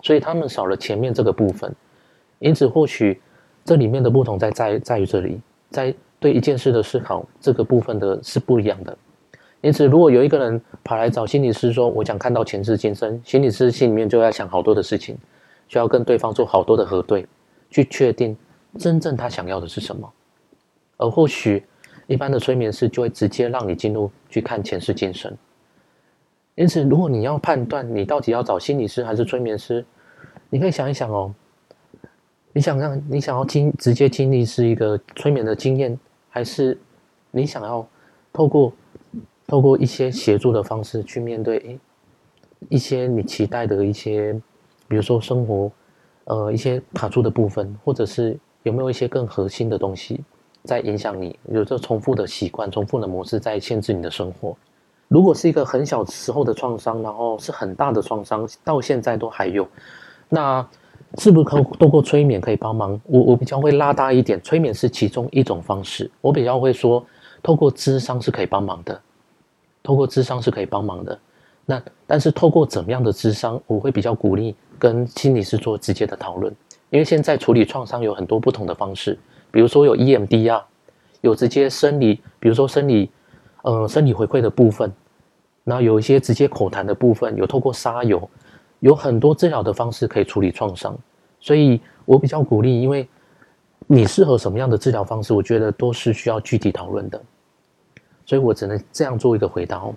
所以他們少了前面這個部分。因此，或許這裡面的不同在在在於這裡，在對一件事的思考這個部分的是不一樣的。因此，如果有一個人跑來找心理師說：“我想看到前世今生。”心理師心裡面就要想好多的事情，需要跟對方做好多的核對，去確定。真正他想要的是什麼？而或許一般的催眠師就會直接讓你進入去看前世今生。因此，如果你要判斷你到底要找心理師還是催眠師，你可以想一想哦，你想讓你想要經直接經歷是一個催眠的經驗，還是你想要透過透過一些協助的方式去面對一些你期待的一些，比如說生活呃一些卡住的部分，或者是。有沒有一些更核心的東西在影響你？有著重複的習慣、重複的模式在限制你的生活？如果是一個很小時候的創傷，然後是很大的創傷，到現在都還有，那是不是可透過催眠可以幫忙？我我比較會拉大一點，催眠是其中一種方式。我比較會說，透過諮商是可以幫忙的，透過諮商是可以幫忙的。那但是透過怎麼樣的諮商，我會比較鼓勵跟心理師做直接的討論。因為現在處理創傷有很多不同的方式，比如說有 EMDR 有直接生理，比如說生理，嗯、呃，生理回饋的部分，然後有一些直接口談的部分，有透過沙遊，有很多治療的方式可以處理創傷，所以我比較鼓勵，因為你適合什麼樣的治療方式，我覺得都是需要具體討論的，所以我只能這樣做一個回答、哦。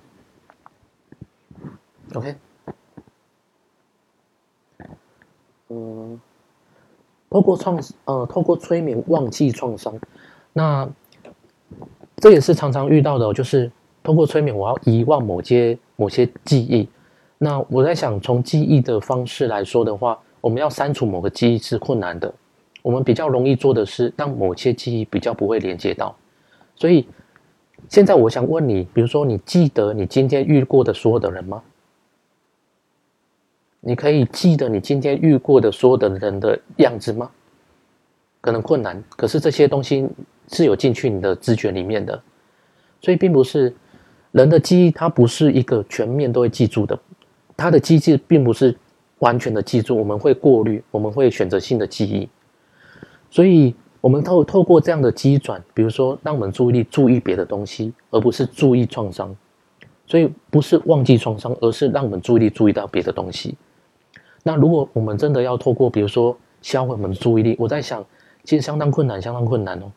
OK，嗯。透過創，呃，透過催眠忘記創傷，那這也是常常遇到的哦，就是透過催眠我要遺忘某些某些記憶。那我在想，從記憶的方式來說的話，我們要刪除某個記憶是困難的，我們比較容易做的是讓某些記憶比較不會連接到。所以現在我想問你，比如說你記得你今天遇過的所有的人嗎？你可以記得你今天遇過的所有的人的樣子嗎？可能困難，可是這些東西是有進去你的知覺裡面的，所以並不是人的記憶，它不是一個全面都會記住的，它的機制並不是完全的記住，我們會過濾，我們會選擇性的記憶，所以我們透透過這樣的機轉，比如說讓我們注意力注意別的東西，而不是注意創傷，所以不是忘記創傷，而是讓我們注意力注意到別的東西。那如果我們真的要透過，比如說銷毀我們的注意力，我在想，其實相當困難，相當困難哦。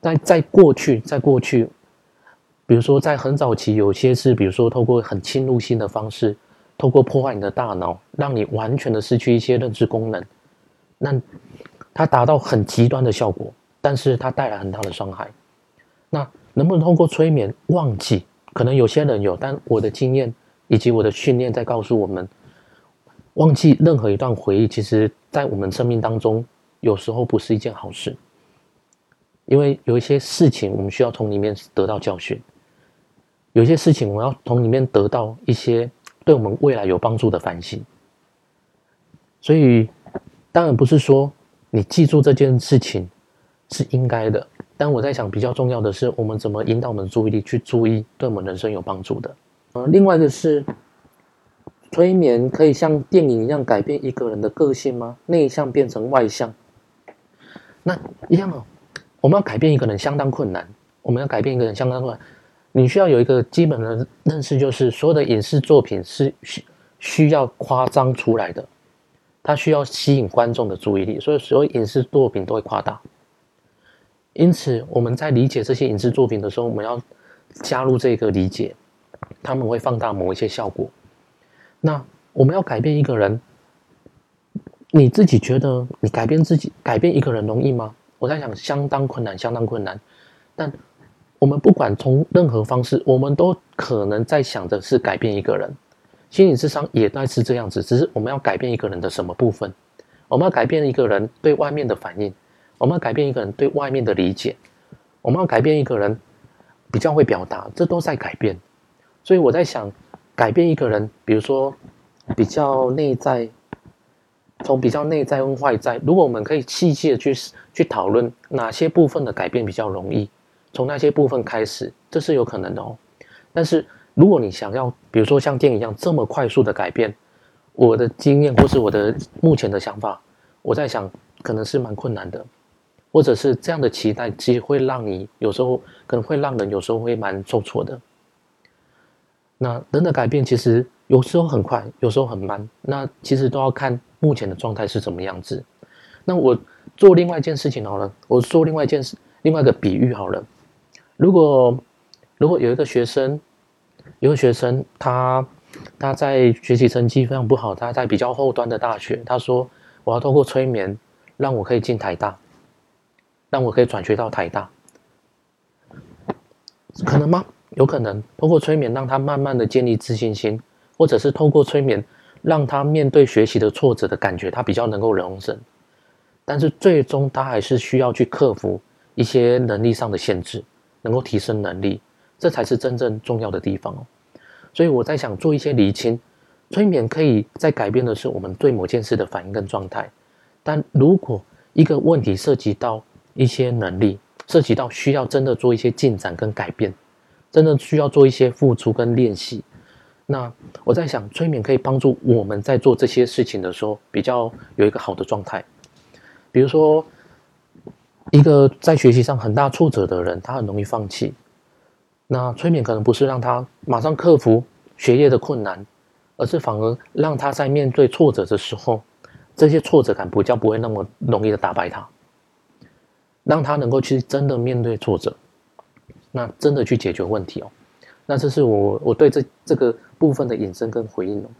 在在過去，在過去，比如說在很早期，有些是，比如說透過很侵入性的方式，透過破壞你的大腦，讓你完全的失去一些認知功能，那它達到很極端的效果，但是它帶來很大的傷害。那能不能通過催眠忘記？可能有些人有，但我的經驗以及我的訓練在告訴我們。忘記任何一段回憶，其實在我們生命當中，有時候不是一件好事，因為有一些事情我們需要從裡面得到教訓，有些事情我們要從裡面得到一些對我們未來有幫助的反省。所以，當然不是說你記住這件事情是應該的，但我在想，比較重要的是，我們怎麼引導我們的注意力去注意對我們人生有幫助的。嗯，另外一個是。催眠可以像電影一樣改變一個人的個性嗎？內向變成外向，那一樣哦。我們要改變一個人相當困難，我們要改變一個人相當困難。你需要有一個基本的認識，就是所有的影視作品是需需要誇張出來的，它需要吸引觀眾的注意力，所以所有影視作品都會誇大。因此，我們在理解這些影視作品的時候，我們要加入這個理解，他們會放大某一些效果。那我們要改變一個人，你自己覺得你改變自己、改變一個人容易嗎？我在想，相當困難，相當困難。但我們不管從任何方式，我們都可能在想的是改變一個人。心理智商也在是這樣子，只是我們要改變一個人的什麼部分？我們要改變一個人對外面的反應，我們要改變一個人對外面的理解，我們要改變一個人比較會表達，這都在改變。所以我在想。改變一個人，比如說比較內在，從比較內在跟外在，如果我們可以細細的去去討論哪些部分的改變比較容易，從那些部分開始，這是有可能的哦。但是如果你想要，比如說像電影一樣這麼快速的改變，我的經驗或是我的目前的想法，我在想可能是蠻困難的，或者是這樣的期待，其實會讓你有時候可能會讓人有時候會蠻受挫的。那人的改變其實有時候很快，有時候很慢。那其實都要看目前的狀態是什麼樣子。那我做另外一件事情好了，我做另外一件事，另外一個比喻好了。如果，如果有一個學生，有一個學生他，他他在學習成績非常不好，他在比較後端的大學，他說我要通過催眠讓我可以進台大，讓我可以轉學到台大，可能嗎？有可能通過催眠讓他慢慢的建立自信心，或者是透過催眠讓他面對學習的挫折的感覺，他比較能夠容忍。但是最終他還是需要去克服一些能力上的限制，能夠提升能力，這才是真正重要的地方哦。所以我在想做一些釐清，催眠可以再改變的是我們對某件事的反應跟狀態，但如果一個問題涉及到一些能力，涉及到需要真的做一些進展跟改變。真的需要做一些付出跟練習。那我在想，催眠可以幫助我們在做這些事情的時候，比較有一個好的狀態。比如說，一個在學習上很大挫折的人，他很容易放棄。那催眠可能不是讓他馬上克服學業的困難，而是反而讓他在面對挫折的時候，這些挫折感比較不會那麼容易的打敗他，讓他能夠去真的面對挫折。那真的去解決問題哦，那這是我我對這這個部分的引申跟回應哦。